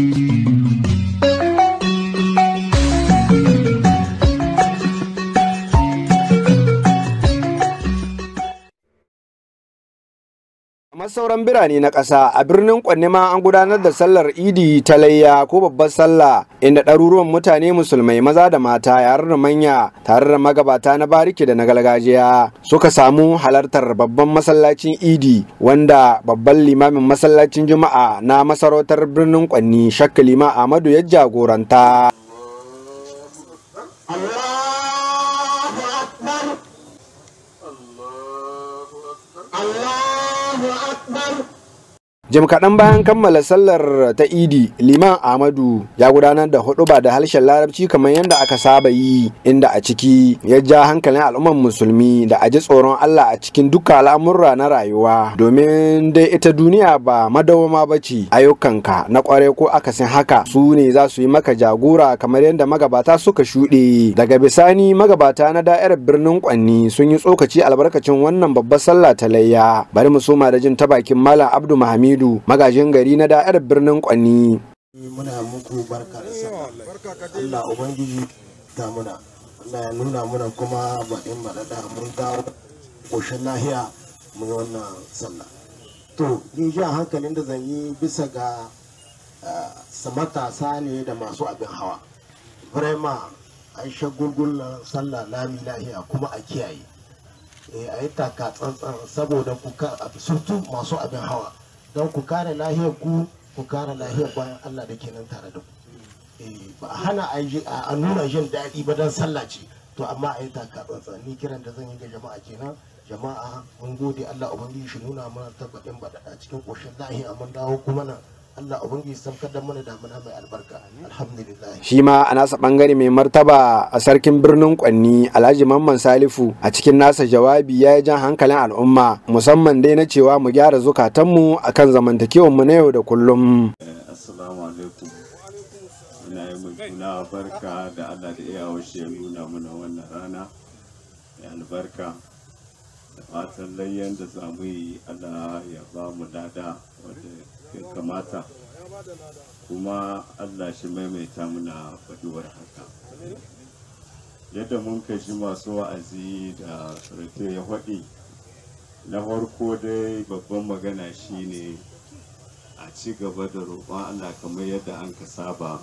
Thank you. har sauran birane na ƙasa a birnin kwanne ma an gudanar da sallar idi ta layya ko babbar sallah inda ɗaruruwan mutane musulmai maza da mata yare da manya tare da magabata na bariki da na gargajiya suka samu halartar babban masallacin idi wanda babban limamin masallacin juma'a na masarautar birnin kwanni shakka lima ahmadu ya jagoranta Allah jim kaɗan bayan kammala sallar ta idi liman ahmadu ya gudanar da ba da harshen larabci kamar yadda aka saba yi inda a ciki ya ja hankalin al'ummar musulmi da aji tsoron allah a cikin duka al'amurra na rayuwa domin dai ita duniya ba madawama ba ce ayyukanka na kware ko akasin haka su ne za su yi maka jagora kamar yadda magabata suka shuɗe daga bisani magabata na da'irar birnin kwanni sun yi tsokaci albarkacin wannan babbar sallah ta layya bari mu soma da jin ta bakin malam abdu mahamidu Hamidu magajin gari na da'ar birnin Kwanni. Muna muku barka da sallah. Allah Ubangiji ta muna. Allah ya nuna muna kuma baɗin maɗaɗa mun dawo ƙoshin lahiya mu yi wannan sallah. To, ni ja hankalin da zan yi bisa ga matasa ne da masu abin hawa. Firaima an na sallah lami lahiya kuma a kiyaye. Eh, a yi taka tsantsan saboda kuka surtu masu abin hawa don ku kare lahiyar ku ku kare lahiyar bayan Allah da ke nan tare da ku eh, ba hana a nuna jin daɗi ba don sallah ce to amma a yi takatsantsan ni kiran da zan yi ga jama'a kenan jama'a mun gode Allah ubangiji shi nuna mana tabbatin ba da cikin koshin lahiya mun dawo kuma nan Allah ubangiji saukar da mana damuna mai albarka alhamdulillah shi ma a nasa bangare mai martaba a sarkin birnin Kwanni Alhaji Mamman Salifu a cikin nasa jawabi ya yi jan hankalin al'umma musamman dai na cewa mu gyara zukatanmu akan zamantakewar mu na yau da kullum eh, assalamu alaikum ina yi mu barka da Allah da shi ya nuna mana wannan rana ya albarka da fatan layyan da za mu yi allah ya ba mu dada wadda ya kamata kuma allah shi maimaita muna faduwar haka yadda mun shi masu wa'azi da surfe ya haɗi na farko dai babban magana shi ne, a ci gaba da roƙon allah kamar yadda an ka saba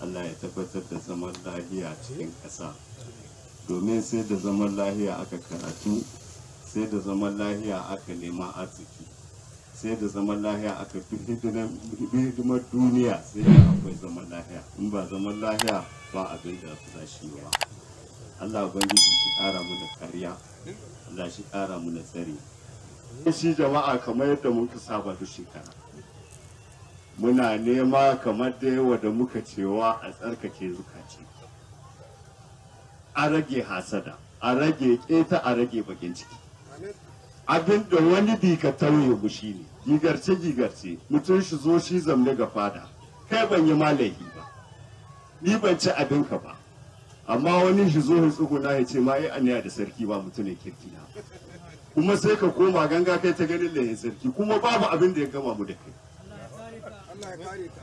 allah ya tabbatar da zaman lahiya cikin ƙasa domin sai da zaman lahiya aka karatu sai da zaman lahiya aka nema arziki sai da zaman lahiya aka fi hidimar duniya sai da akwai zaman lahiya in ba zaman lahiya ba abin da za shi ba Allah ubangiji shi ƙara mana kariya Allah shi ƙara mana tsari shi jama'a kamar yadda muka saba duk shekara muna nema kamar da yawa da muka cewa a tsarkake zukaci a rage hasada a rage keta a rage bakin ciki abin da wani bi ka tauye shi ne gigarce gigarce mutum shi zo shi zamne ga fada kai ban yi malahi ba ni ban ci abin ka ba amma wani shi zo ya tsuguna ya ce ma ai aniya da sarki ba mutum ne kirki na kuma sai ka koma ganga kai ta ganin lahin sarki kuma babu abin da ya gama mu da kai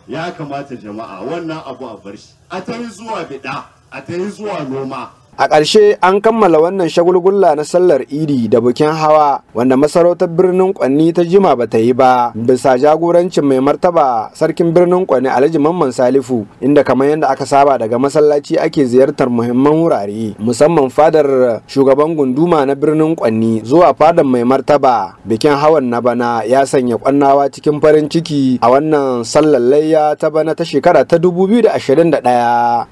ya kamata jama'a wannan abu a bar shi a ta yi zuwa biɗa, a ta yi zuwa noma A ƙarshe an kammala wannan shagulgulla na sallar idi da bikin hawa wanda masarautar birnin Kwanni ta jima ba ta yi ba bisa jagorancin mai martaba sarkin birnin Kwanni Alhaji Mamman Salifu inda kamar yadda aka saba daga masallaci ake ziyartar muhimman wurare musamman fadar shugaban gunduma na birnin Kwanni zuwa fadar mai martaba bikin hawan na bana ya sanya kwannawa cikin farin ciki a wannan sallar layya ta bana ta shekara ta 2021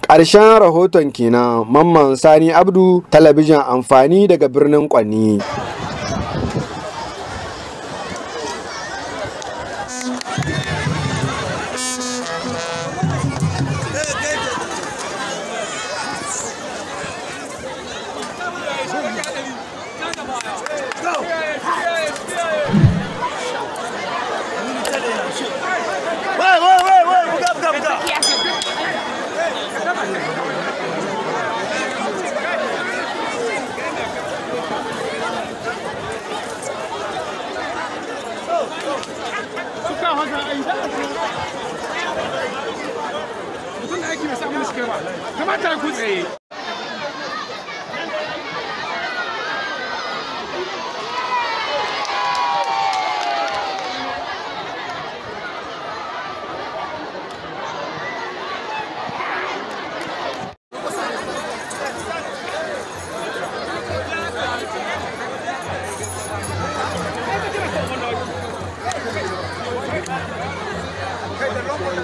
ƙarshen rahoton kenan Mamman Sani Abdu, talabijin amfani daga birnin Kwanni. mutum da aiki bai tsaye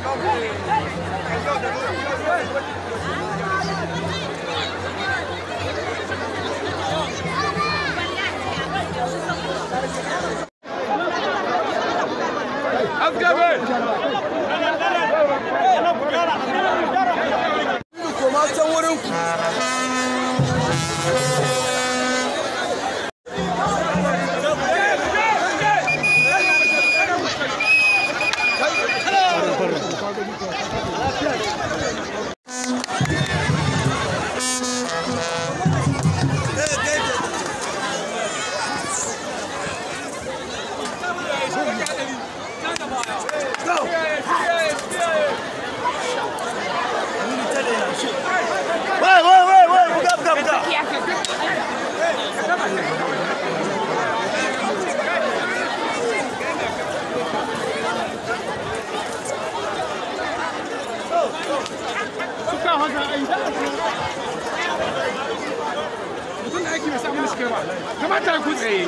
Hey, hey, hey. Comment t'as écouté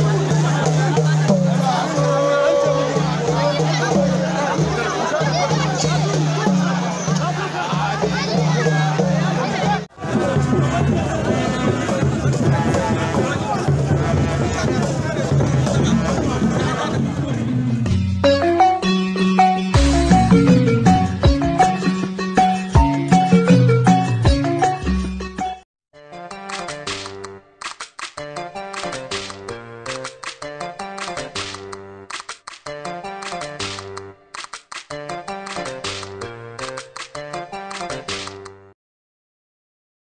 Thank you.